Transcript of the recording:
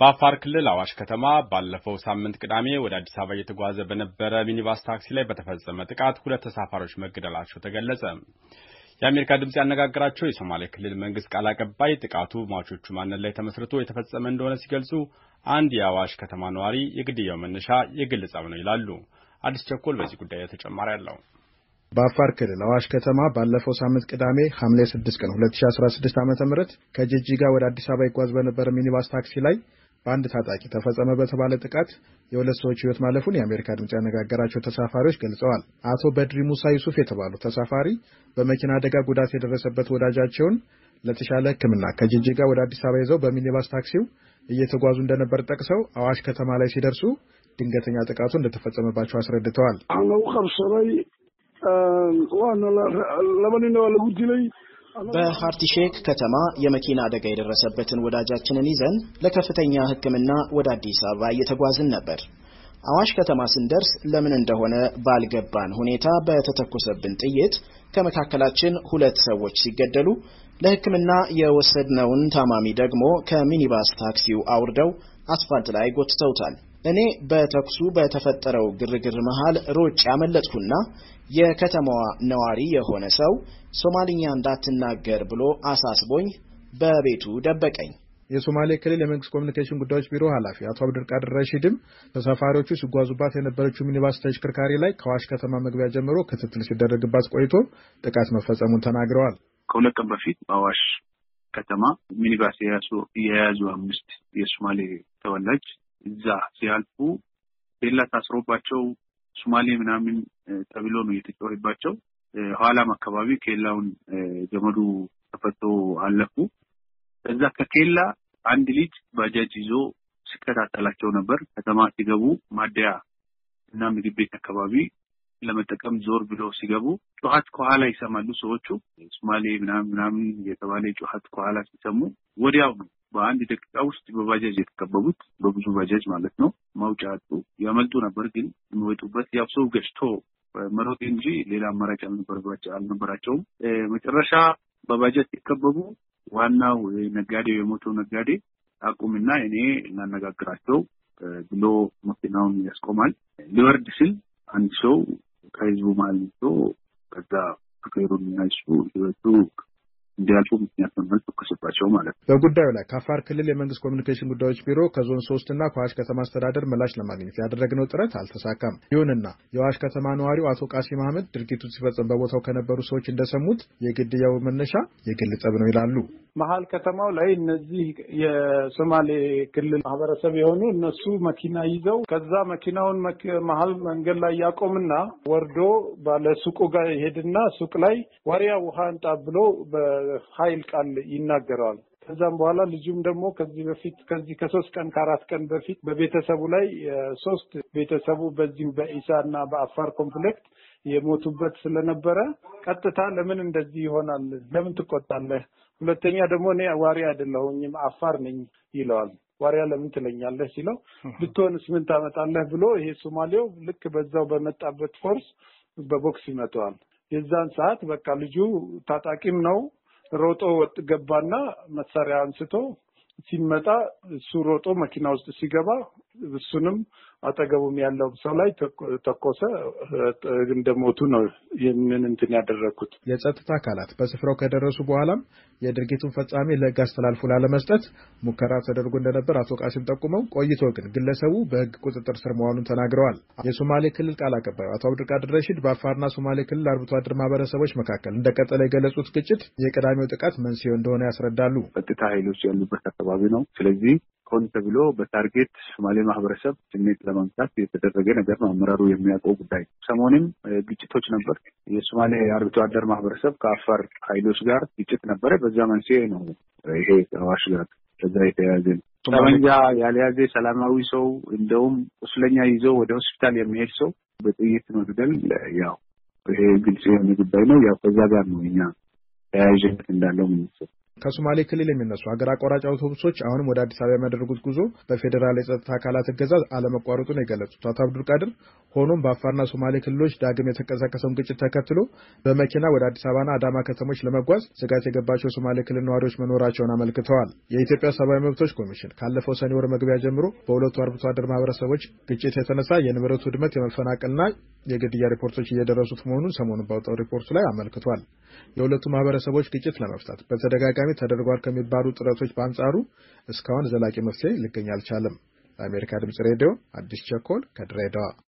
በአፋር ክልል አዋሽ ከተማ ባለፈው ሳምንት ቅዳሜ ወደ አዲስ አበባ እየተጓዘ በነበረ ሚኒባስ ታክሲ ላይ በተፈጸመ ጥቃት ሁለት ተሳፋሪዎች መገደላቸው ተገለጸ። የአሜሪካ ድምፅ ያነጋገራቸው የሶማሌ ክልል መንግስት ቃል አቀባይ ጥቃቱ ሟቾቹ ማንነት ላይ ተመስርቶ የተፈጸመ እንደሆነ ሲገልጹ፣ አንድ የአዋሽ ከተማ ነዋሪ የግድያው መነሻ የግል ጸብ ነው ይላሉ። አዲስ ቸኮል በዚህ ጉዳይ ተጨማሪ አለው። በአፋር ክልል አዋሽ ከተማ ባለፈው ሳምንት ቅዳሜ ሐምሌ 6 ቀን 2016 ዓ ም ከጅጅጋ ወደ አዲስ አበባ ይጓዝ በነበረ ሚኒባስ ታክሲ ላይ በአንድ ታጣቂ ተፈጸመ በተባለ ጥቃት የሁለት ሰዎች ህይወት ማለፉን የአሜሪካ ድምፅ ያነጋገራቸው ተሳፋሪዎች ገልጸዋል። አቶ በድሪ ሙሳ ዩሱፍ የተባሉ ተሳፋሪ በመኪና አደጋ ጉዳት የደረሰበት ወዳጃቸውን ለተሻለ ሕክምና ከጅጅጋ ወደ አዲስ አበባ ይዘው በሚኒባስ ታክሲው እየተጓዙ እንደነበር ጠቅሰው አዋሽ ከተማ ላይ ሲደርሱ ድንገተኛ ጥቃቱ እንደተፈጸመባቸው አስረድተዋል። በሃርቲሼክ ከተማ የመኪና አደጋ የደረሰበትን ወዳጃችንን ይዘን ለከፍተኛ ሕክምና ወደ አዲስ አበባ እየተጓዝን ነበር። አዋሽ ከተማ ስንደርስ ለምን እንደሆነ ባልገባን ሁኔታ በተተኮሰብን ጥይት ከመካከላችን ሁለት ሰዎች ሲገደሉ ለሕክምና የወሰድነውን ታማሚ ደግሞ ከሚኒባስ ታክሲው አውርደው አስፋልት ላይ ጎትተውታል። እኔ በተኩሱ በተፈጠረው ግርግር መሃል ሮጬ አመለጥኩና የከተማዋ ነዋሪ የሆነ ሰው ሶማሊኛ እንዳትናገር ብሎ አሳስቦኝ በቤቱ ደበቀኝ። የሶማሌ ክልል የመንግስት ኮሚኒኬሽን ጉዳዮች ቢሮ ኃላፊ አቶ አብድርቃድር ረሺድም ተሳፋሪዎቹ ሲጓዙባት የነበረችው ሚኒባስ ተሽከርካሪ ላይ ከዋሽ ከተማ መግቢያ ጀምሮ ክትትል ሲደረግባት ቆይቶ ጥቃት መፈጸሙን ተናግረዋል። ከሁለት ቀን በፊት በአዋሽ ከተማ ሚኒባስ የያዙ አምስት የሶማሌ ተወላጅ እዛ ሲያልፉ ኬላ ታስሮባቸው ሱማሌ ምናምን ተብሎ ነው የተጫወባቸው። ኋላም አካባቢ ኬላውን ገመዱ ተፈቶ አለፉ። ከዛ ከኬላ አንድ ልጅ ባጃጅ ይዞ ሲከታተላቸው ነበር። ከተማ ሲገቡ ማደያ እና ምግብ ቤት አካባቢ ለመጠቀም ዞር ብሎ ሲገቡ ጩኸት ከኋላ ይሰማሉ። ሰዎቹ ሶማሌ ምናምን ምናምን የተባለ ጩኸት ከኋላ ሲሰሙ ወዲያው ነው በአንድ ደቂቃ ውስጥ በባጃጅ የተከበቡት በብዙ ባጃጅ ማለት ነው። መውጫ አጡ። ያመልጡ ነበር፣ ግን የሚወጡበት ያው ሰው ገጭቶ መሮጥ እንጂ ሌላ አማራጭ አልነበራቸውም። መጨረሻ በባጃጅ ሲከበቡ ዋናው ነጋዴው የሞተው ነጋዴ አቁምና እኔ እናነጋግራቸው ብሎ መኪናውን ያስቆማል። ሊወርድ ስል አንድ ሰው ከህዝቡ ማለት ከዛ ፍቅሩን እናሱ ህይወቱ እንዲያልፉ ምክንያት መመል ተኩስባቸው ማለት ነው። በጉዳዩ ላይ ከአፋር ክልል የመንግስት ኮሚኒኬሽን ጉዳዮች ቢሮ ከዞን ሶስት እና ከዋሽ ከተማ አስተዳደር ምላሽ ለማግኘት ያደረግነው ጥረት አልተሳካም። ይሁንና የዋሽ ከተማ ነዋሪው አቶ ቃሲም አህመድ ድርጊቱ ሲፈጽም በቦታው ከነበሩ ሰዎች እንደሰሙት የግድያው መነሻ የግል ጸብ ነው ይላሉ። መሀል ከተማው ላይ እነዚህ የሶማሌ ክልል ማህበረሰብ የሆኑ እነሱ መኪና ይዘው ከዛ መኪናውን መሀል መንገድ ላይ ያቆምና ወርዶ ባለ ሱቁ ጋር ይሄድና ሱቅ ላይ ዋሪያ ውሃ እንጣ ብሎ ኃይል ቃል ይናገረዋል። ከዛም በኋላ ልጁም ደግሞ ከዚህ በፊት ከዚህ ከሶስት ቀን ከአራት ቀን በፊት በቤተሰቡ ላይ ሶስት ቤተሰቡ በዚህም በኢሳ እና በአፋር ኮንፍሊክት የሞቱበት ስለነበረ ቀጥታ ለምን እንደዚህ ይሆናል? ለምን ትቆጣለህ? ሁለተኛ ደግሞ እኔ ዋሪ አይደለሁኝም አፋር ነኝ ይለዋል። ዋሪያ ለምን ትለኛለህ ሲለው ብትሆንስ ምን ታመጣለህ ብሎ ይሄ ሶማሌው ልክ በዛው በመጣበት ፎርስ በቦክስ ይመተዋል። የዛን ሰዓት በቃ ልጁ ታጣቂም ነው ሮጦ ወጥ ገባና መሳሪያ አንስቶ ሲመጣ እሱ ሮጦ መኪና ውስጥ ሲገባ እሱንም አጠገቡም ያለው ሰው ላይ ተኮሰ። እንደሞቱ ነው ይህንን እንትን ያደረግኩት። የጸጥታ አካላት በስፍራው ከደረሱ በኋላም የድርጊቱን ፈጻሚ ለህግ አስተላልፎ ላለመስጠት ሙከራ ተደርጎ እንደነበር አቶ ቃሲም ጠቁመው፣ ቆይቶ ግን ግለሰቡ በህግ ቁጥጥር ስር መሆኑን ተናግረዋል። የሶማሌ ክልል ቃል አቀባዩ አቶ አብዱልቃድር ረሺድ በአፋርና ሶማሌ ክልል አርብቶ አደር ማህበረሰቦች መካከል እንደቀጠለ የገለጹት ግጭት የቅዳሜው ጥቃት መንስኤ እንደሆነ ያስረዳሉ። ጸጥታ ኃይሎች ያሉበት አካባቢ ነው። ስለዚህ ሆን ተብሎ በታርጌት ሶማሌ ማህበረሰብ ስሜት ለማምጣት የተደረገ ነገር ነው። አመራሩ የሚያውቀው ጉዳይ ነው። ሰሞንም ግጭቶች ነበር። የሶማሌ አርብቶ አደር ማህበረሰብ ከአፋር ኃይሎች ጋር ግጭት ነበረ። በዛ መንስኤ ነው ይሄ ከአዋሽ ጋር ከዛ የተያያዘ ነው። ጠመንጃ ያልያዘ ሰላማዊ ሰው እንደውም ቁስለኛ ይዞ ወደ ሆስፒታል የሚሄድ ሰው በጥይት መግደል ያው ይሄ ግልጽ የሆነ ጉዳይ ነው። ያው ከዛ ጋር ነው እኛ ተያያዥነት እንዳለው ምንሰብ ከሶማሌ ክልል የሚነሱ ሀገር አቋራጭ አውቶቡሶች አሁንም ወደ አዲስ አበባ የሚያደርጉት ጉዞ በፌዴራል የጸጥታ አካላት እገዛ አለመቋረጡን የገለጹት አቶ ቃድር፣ ሆኖም በአፋርና ሶማሌ ክልሎች ዳግም የተቀሰቀሰውን ግጭት ተከትሎ በመኪና ወደ አዲስ አበባና አዳማ ከተሞች ለመጓዝ ስጋት የገባቸው የሶማሌ ክልል ነዋሪዎች መኖራቸውን አመልክተዋል። የኢትዮጵያ ሰብአዊ መብቶች ኮሚሽን ካለፈው ሰኔ ወር መግቢያ ጀምሮ በሁለቱ አርብቶ አደር ማህበረሰቦች ግጭት የተነሳ የንብረቱ ውድመት፣ የመፈናቀልና የግድያ ሪፖርቶች እየደረሱት መሆኑን ሰሞኑን ባወጣው ሪፖርቱ ላይ አመልክቷል። የሁለቱ ማህበረሰቦች ግጭት ለመፍታት በተደጋጋሚ በተደጋጋሚ ተደርጓል ከሚባሉ ጥረቶች በአንጻሩ እስካሁን ዘላቂ መፍትሄ ሊገኝ አልቻለም። ለአሜሪካ ድምፅ ሬዲዮ አዲስ ቸኮል ከድሬዳዋ